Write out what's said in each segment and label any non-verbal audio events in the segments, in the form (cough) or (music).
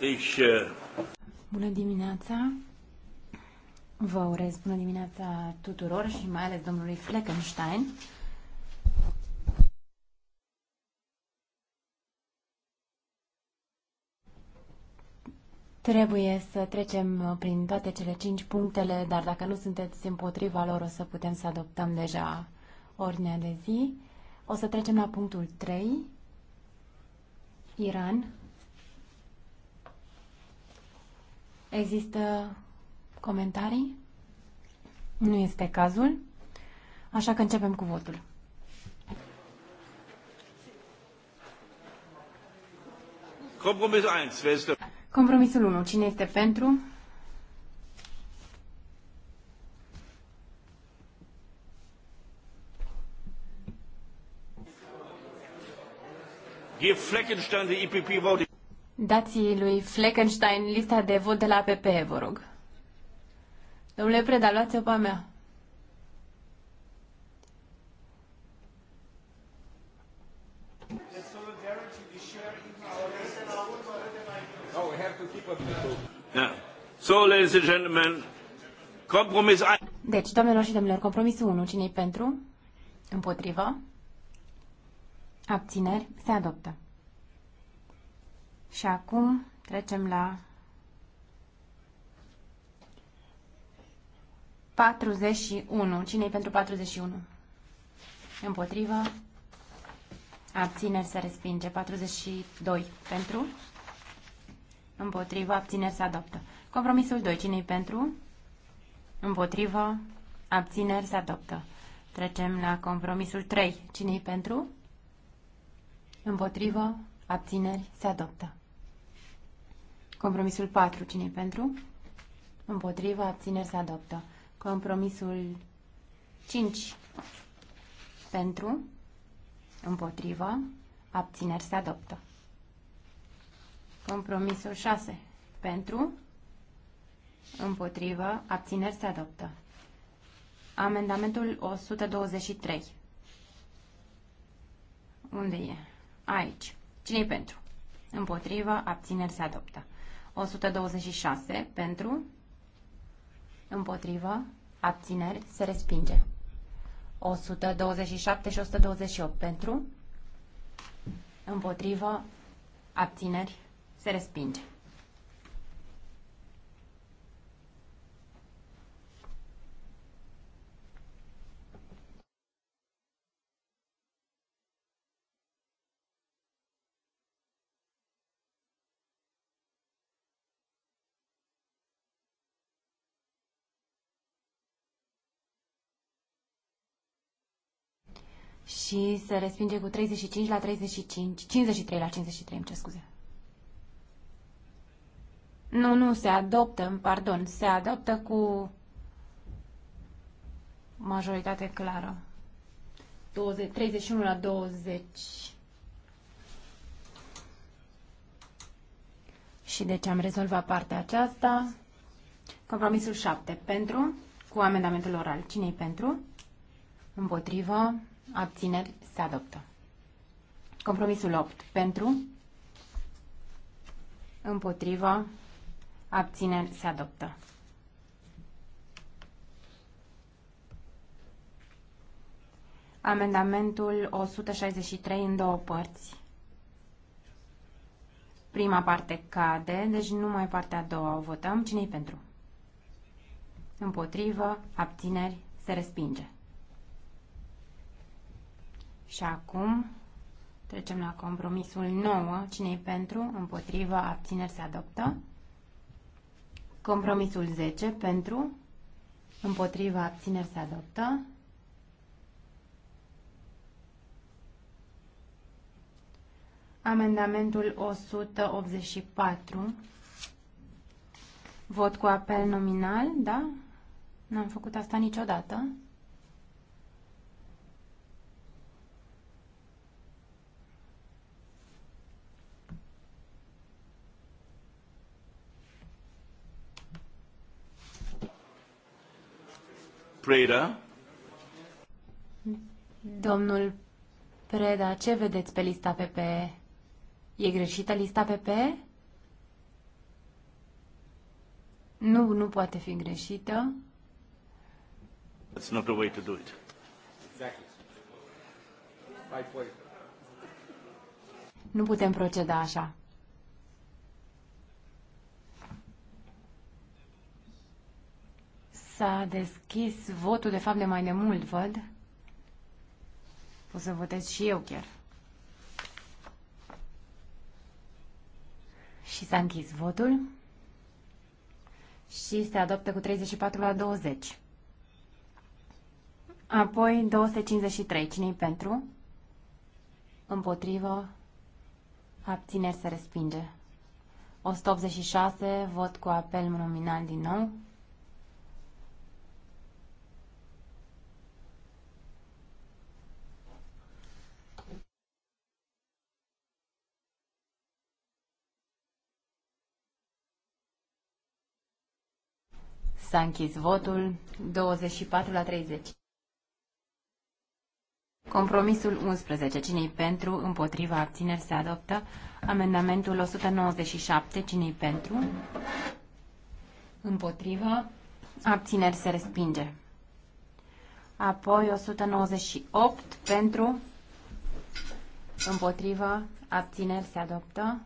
Uh, bună dimineața! Vă urez bună dimineața tuturor și mai ales domnului Fleckenstein. Trebuie să trecem prin toate cele cinci punctele, dar dacă nu sunteți împotriva lor, o să putem să adoptăm deja ordinea de zi. O să trecem la punctul 3. Iran. Există comentarii? Nu este cazul. Așa că începem cu votul. Compromisul 1. Cine este pentru? Give Fleckenstein the EPP voting. Dați lui Fleckenstein lista de vot de la PP, vă rog. Domnule Preda, luați o pe mea. So, ladies and gentlemen, compromis... Deci, domnilor și domnilor, compromisul 1, cine pentru? Împotriva? Abțineri se adoptă. Și acum trecem la 41. cine e pentru 41? Împotrivă. Abțineri se respinge. 42 pentru. Împotrivă. Abțineri se adoptă. Compromisul 2. cine e pentru? Împotrivă. Abțineri se adoptă. Trecem la compromisul 3. cine e pentru? Împotrivă. Abțineri. Se adoptă. Compromisul 4. cine pentru? Împotrivă. Abțineri. Se adoptă. Compromisul 5. Pentru. Împotrivă. Abțineri. Se adoptă. Compromisul 6. Pentru. Împotrivă. Abțineri. Se adoptă. Amendamentul 123. Unde e? aici. Cine-i pentru? Împotrivă, abțineri se adoptă. 126 pentru, împotrivă, abțineri se respinge. 127 și 128 pentru, împotrivă, abțineri se respinge. și se respinge cu 35 la 35, 53 la 53, îmi cer scuze. Nu, nu, se adoptă, pardon, se adoptă cu majoritate clară. 20, 31 la 20. Și deci am rezolvat partea aceasta. Compromisul 7. Pentru, cu amendamentul oral. cine e pentru? Împotrivă, Abțineri se adoptă. Compromisul 8. Pentru. Împotrivă. Abțineri se adoptă. Amendamentul 163 în două părți. Prima parte cade, deci numai partea a doua o votăm. Cine-i pentru? Împotrivă, abțineri, se respinge. Și acum trecem la compromisul 9. Cine-i pentru? Împotrivă. Abțineri se adoptă. Compromisul 10. Pentru. Împotrivă. Abțineri se adoptă. Amendamentul 184. Vot cu apel nominal, da? N-am făcut asta niciodată. Preda. Domnul Preda, ce vedeți pe lista PP? E greșită lista PP? Nu, nu poate fi greșită. That's not the way to do it. Exactly. Nu putem proceda așa. S-a deschis votul, de fapt, de mai mult văd. O să votez și eu chiar. Și s-a închis votul. Și se adoptă cu 34 la 20. Apoi 253. cine pentru? Împotrivă. Abțineri se respinge. 186. Vot cu apel nominal din nou. S-a închis votul 24 la 30. Compromisul 11. Cine-i pentru? Împotriva abțineri se adoptă. Amendamentul 197. Cine-i pentru? Împotriva abțineri se respinge. Apoi 198 pentru, împotriva, abțineri se adoptă.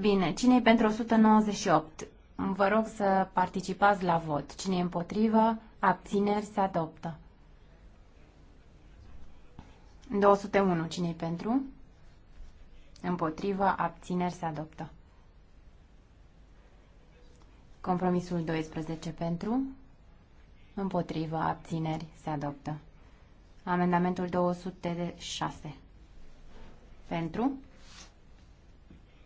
Bine, cine e pentru 198? Vă rog să participați la vot. Cine e împotrivă, abțineri, se adoptă. 201. cine e pentru? Împotrivă, abțineri, se adoptă. Compromisul 12 pentru, împotrivă, abțineri, se adoptă. Amendamentul 206. Pentru?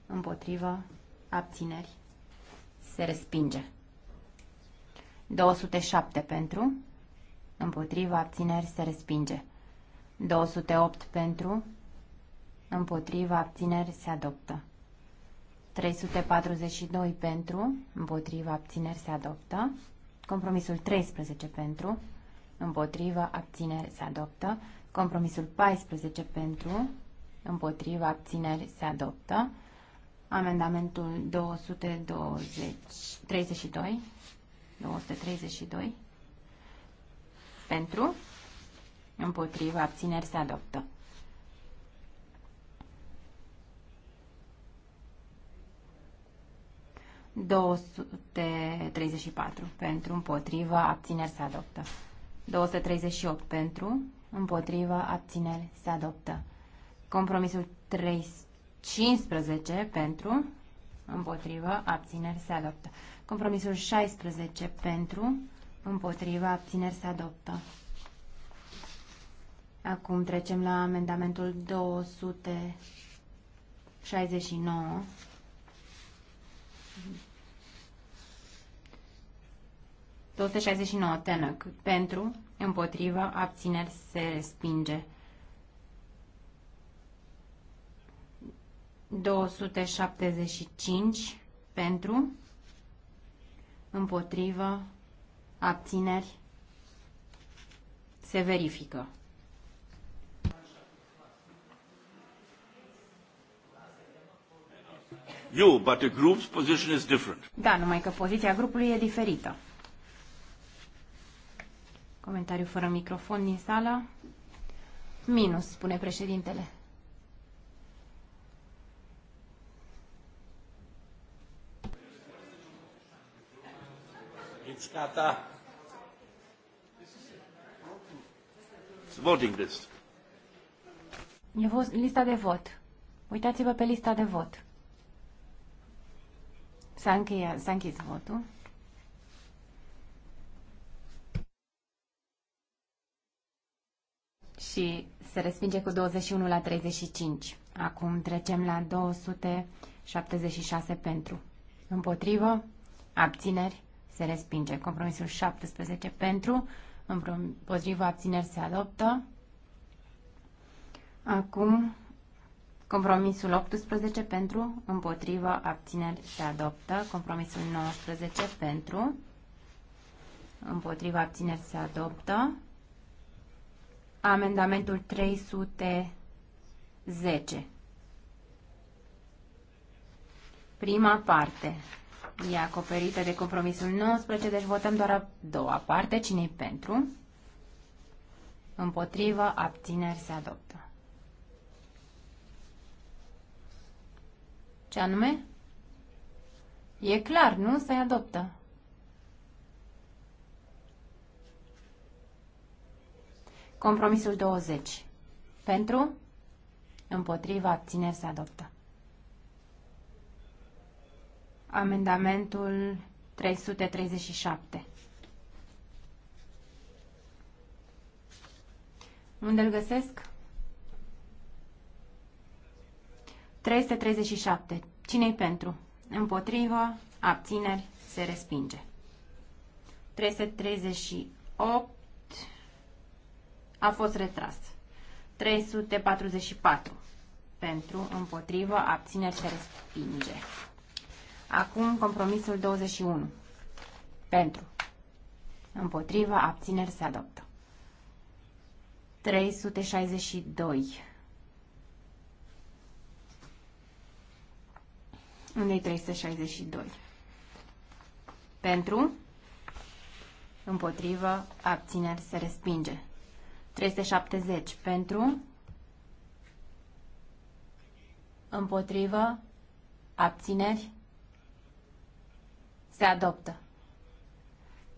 împotrivă, abțineri, se respinge. 207 pentru, împotrivă, abțineri, se respinge. 208 pentru, împotrivă, abțineri, se adoptă. 342 pentru, împotrivă, abțineri, se adoptă. Compromisul 13 pentru, împotrivă, abțineri, se adoptă. Compromisul 14 pentru, împotrivă, abțineri, se adoptă. Amendamentul 232, 232 pentru, împotriva, abțineri se adoptă. 234 pentru, împotriva, abțineri se adoptă. 238 pentru, împotriva, abțineri se adoptă. Compromisul 3. 15 pentru, împotrivă, abțineri se adoptă. Compromisul 16 pentru, împotrivă, abțineri se adoptă. Acum trecem la amendamentul 269. ...269 Tenăc. Pentru, împotriva, abțineri se respinge. 275 pentru, împotrivă, abțineri, se verifică. You, but the group's position is different. Da, numai că poziția grupului e diferită. Comentariu fără microfon din sală. Minus, spune președintele. list. Gata. Voting list. E lista de vot. Uitați-vă pe lista de vot. S-a închis votul. Și se respinge cu 21 la 35. Acum trecem la 276 pentru. Împotrivă, abțineri, se respinge. Compromisul 17 pentru, împotriva abțineri se adoptă. Acum, compromisul 18 pentru, împotriva abțineri se adoptă. Compromisul 19 pentru, împotriva abțineri se adoptă. Amendamentul 310. Prima parte e acoperită de compromisul 19, deci votăm doar a doua parte. cine pentru? Împotrivă, abțineri, se adoptă. Ce anume? E clar, nu? Se adoptă. Compromisul 20. Pentru? Împotrivă, abțineri, se adoptă amendamentul 337. Unde îl găsesc? 337. Cine-i pentru? Împotrivă, abțineri, se respinge. 338 a fost retras. 344 pentru, împotrivă, abțineri, se respinge. Acum compromisul 21. Pentru. Împotriva, abțineri se adoptă. 362. Unde 362? Pentru, împotrivă, abțineri se respinge. 370 pentru, împotrivă, abțineri se adoptă.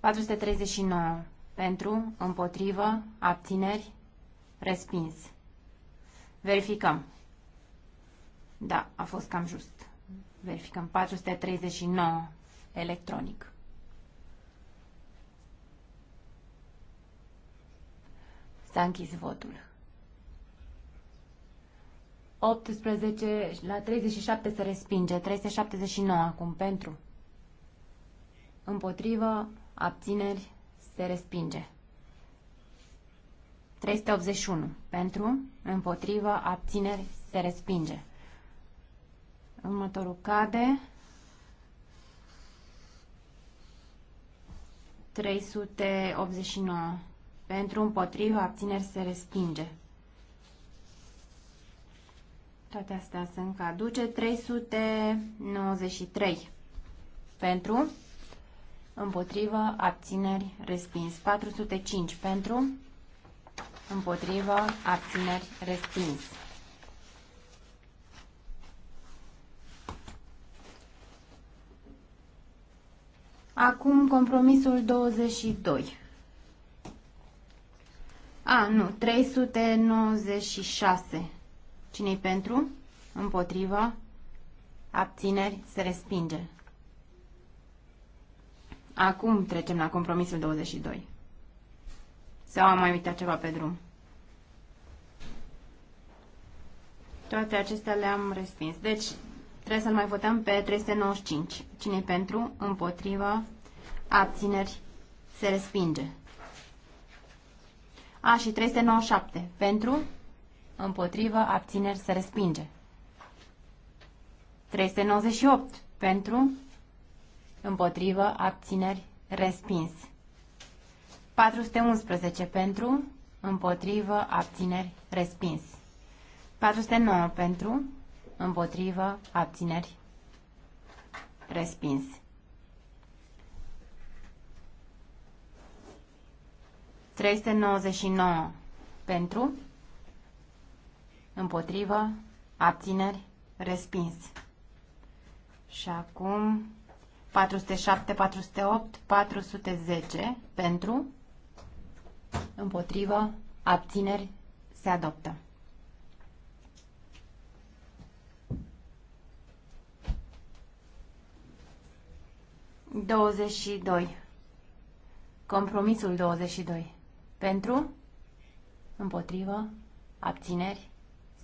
439. Pentru, împotrivă, abțineri, respins. Verificăm. Da, a fost cam just. Verificăm. 439 electronic. S-a închis votul. 18 la 37 se respinge, 379 acum pentru împotrivă, abțineri, se respinge. 381. Pentru, împotrivă, abțineri, se respinge. Următorul cade. 389. Pentru, împotrivă, abțineri, se respinge. Toate astea sunt caduce. 393. Pentru, împotrivă, abțineri, respins. 405 pentru, împotrivă, abțineri, respins. Acum compromisul 22. A, nu, 396. Cine-i pentru? Împotriva? Abțineri? Se respinge. Acum trecem la compromisul 22. Sau am mai uitat ceva pe drum? Toate acestea le-am respins. Deci, trebuie să-l mai votăm pe 395. cine pentru? Împotriva? Abțineri? Se respinge. A, și 397. Pentru? Împotrivă? Abțineri? Se respinge. 398. Pentru? împotrivă, abțineri, respins. 411 pentru, împotrivă, abțineri, respins. 409 pentru, împotrivă, abțineri, respins. 399 pentru, împotrivă, abțineri, respins. Și acum 407, 408, 410 pentru, împotrivă, abțineri, se adoptă. Douăzeci și doi. Compromisul 22. Pentru, împotrivă, abțineri,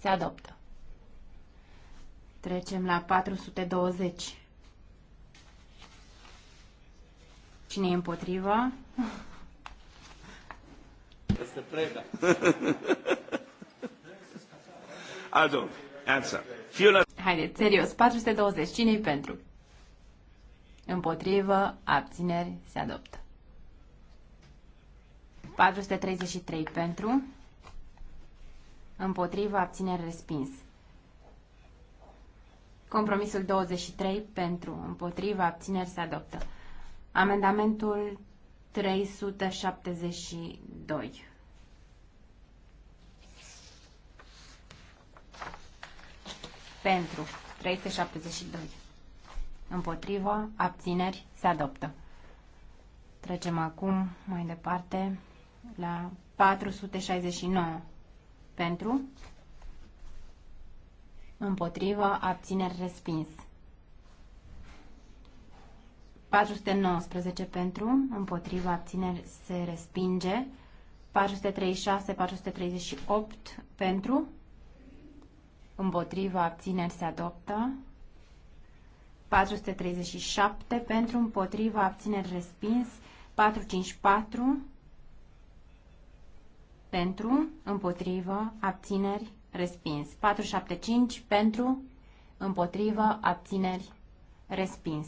se adoptă. Trecem la 420. Cine e împotrivă? Este preda. (laughs) also, answer. Fiul Haideți, serios, 420. cine e pentru? Împotrivă, abțineri, se adoptă. 433 pentru. Împotrivă, abțineri, respins. Compromisul 23 pentru. Împotrivă, abțineri, se adoptă. Amendamentul 372. Pentru 372. Împotrivă, abțineri, se adoptă. Trecem acum mai departe la 469. Pentru, împotrivă, abțineri, respins. 419 pentru, împotriva abțineri se respinge. 436, 438 pentru, împotriva abțineri se adoptă. 437 pentru, împotriva abțineri respins. 454 pentru, împotriva abțineri, respins. 475 pentru, împotriva abțineri, respins.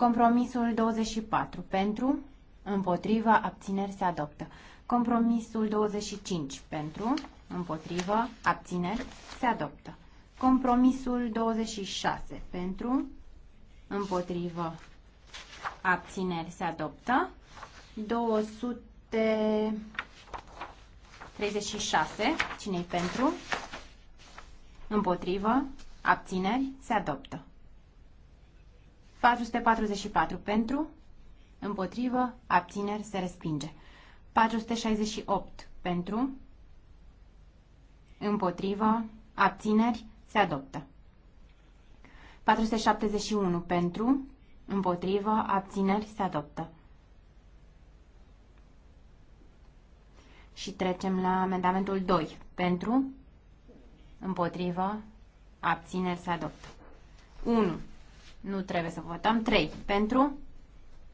Compromisul 24 pentru, împotriva, abțineri se adoptă. Compromisul 25 pentru, împotriva, abțineri se adoptă. Compromisul 26 pentru, împotriva abțineri se adoptă. 236, cine pentru? Împotrivă, abțineri se adoptă. 444 pentru, împotrivă, abțineri, se respinge. 468 pentru, împotrivă, abțineri, se adoptă. 471 pentru, împotrivă, abțineri, se adoptă. Și trecem la amendamentul 2. Pentru, împotrivă, abțineri, se adoptă. 1 nu trebuie să votăm. 3 pentru,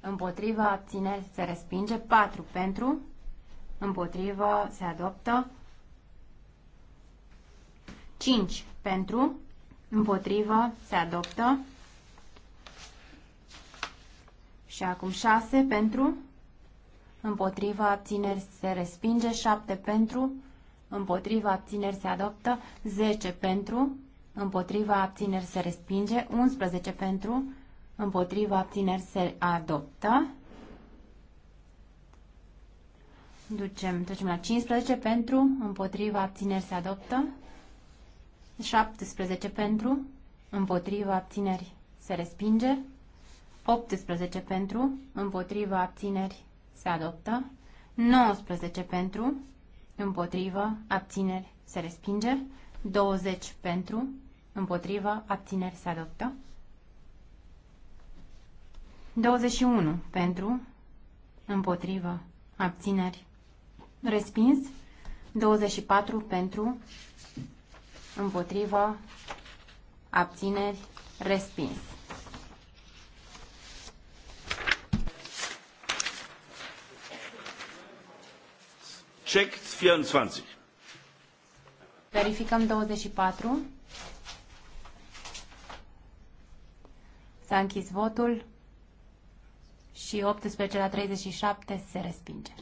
împotrivă, Abține. se respinge. 4 pentru, împotrivă, se adoptă. 5 pentru, împotrivă, se adoptă. Și acum 6 pentru, împotriva abțineri se respinge, 7 pentru, împotriva abțineri se adoptă, 10 pentru, împotriva abțineri se respinge, 11 pentru, împotriva abțineri se adoptă. Ducem, trecem la 15 pentru, împotriva abțineri se adoptă, 17 pentru, împotriva abțineri se respinge, 18 pentru, împotriva abțineri se adoptă, 19 pentru, împotriva abțineri, se respinge, 20 pentru, Împotrivă. Abțineri se adoptă. 21. Pentru. Împotrivă. Abțineri. Respins. 24. Pentru. Împotrivă. Abțineri. Respins. Check 24. Verificăm 24. S-a închis votul și 18 la 37 se respinge.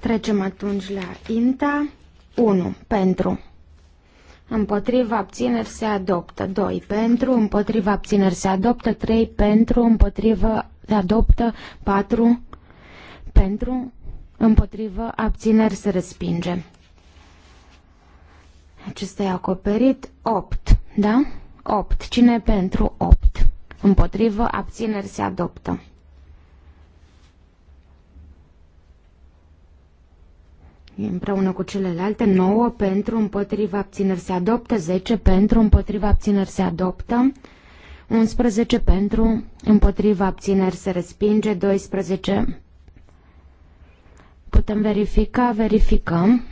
Trecem atunci la INTA. 1. Pentru. Împotriva abțineri se adoptă. 2. Pentru. Împotriva abțineri se adoptă. 3. Pentru. Împotriva se adoptă. 4. Pentru. Împotriva abțineri se respinge. Acesta e acoperit. 8. Da? 8. Cine e pentru 8? Împotrivă, abțineri se adoptă. Împreună cu celelalte, 9 pentru, împotriva abțineri se adoptă, 10 pentru, împotriva abțineri se adoptă, 11 pentru, împotriva abțineri se respinge, 12 putem verifica, verificăm.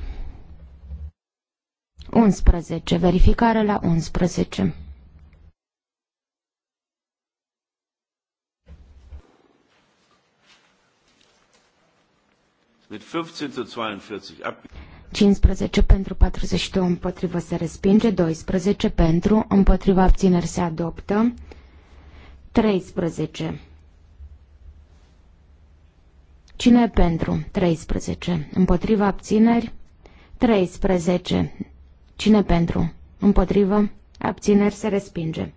11. Verificare la 11. Mit 15 zu 42 ab. 15 pentru 42 împotrivă se respinge, 12 pentru împotriva abțineri se adoptă, 13. Cine pentru? 13. Împotriva abțineri? 13. Cine pentru? Împotrivă? Abțineri se respinge.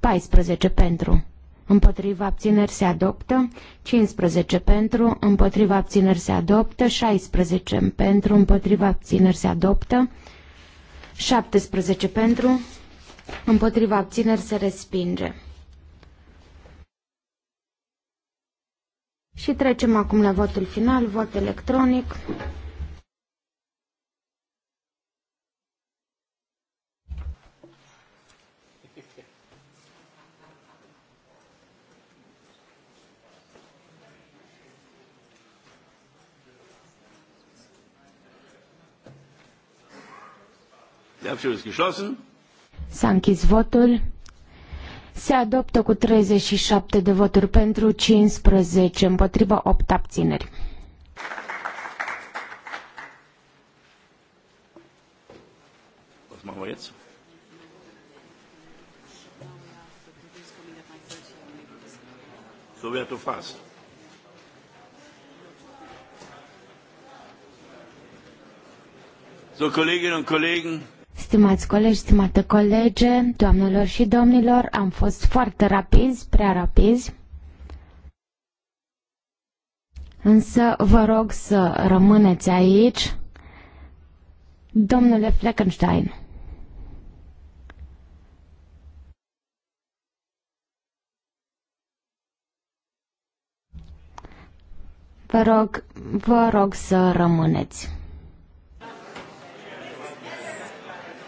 14 pentru. Împotriva abțineri se adoptă. 15 pentru. Împotriva abțineri se adoptă. 16 pentru. Împotriva abțineri se adoptă. 17 pentru. Împotriva abțineri se respinge. Și trecem acum la votul final, vot electronic. S-a închis votul. Se adoptă cu 37 de voturi pentru, 15 împotriva, 8 abțineri. machen wir jetzt? So wird So, Kolleginnen und Kollegen. Stimați colegi, stimate colege, doamnelor și domnilor, am fost foarte rapizi, prea rapizi. Însă vă rog să rămâneți aici. Domnule Fleckenstein. Vă rog, vă rog să rămâneți.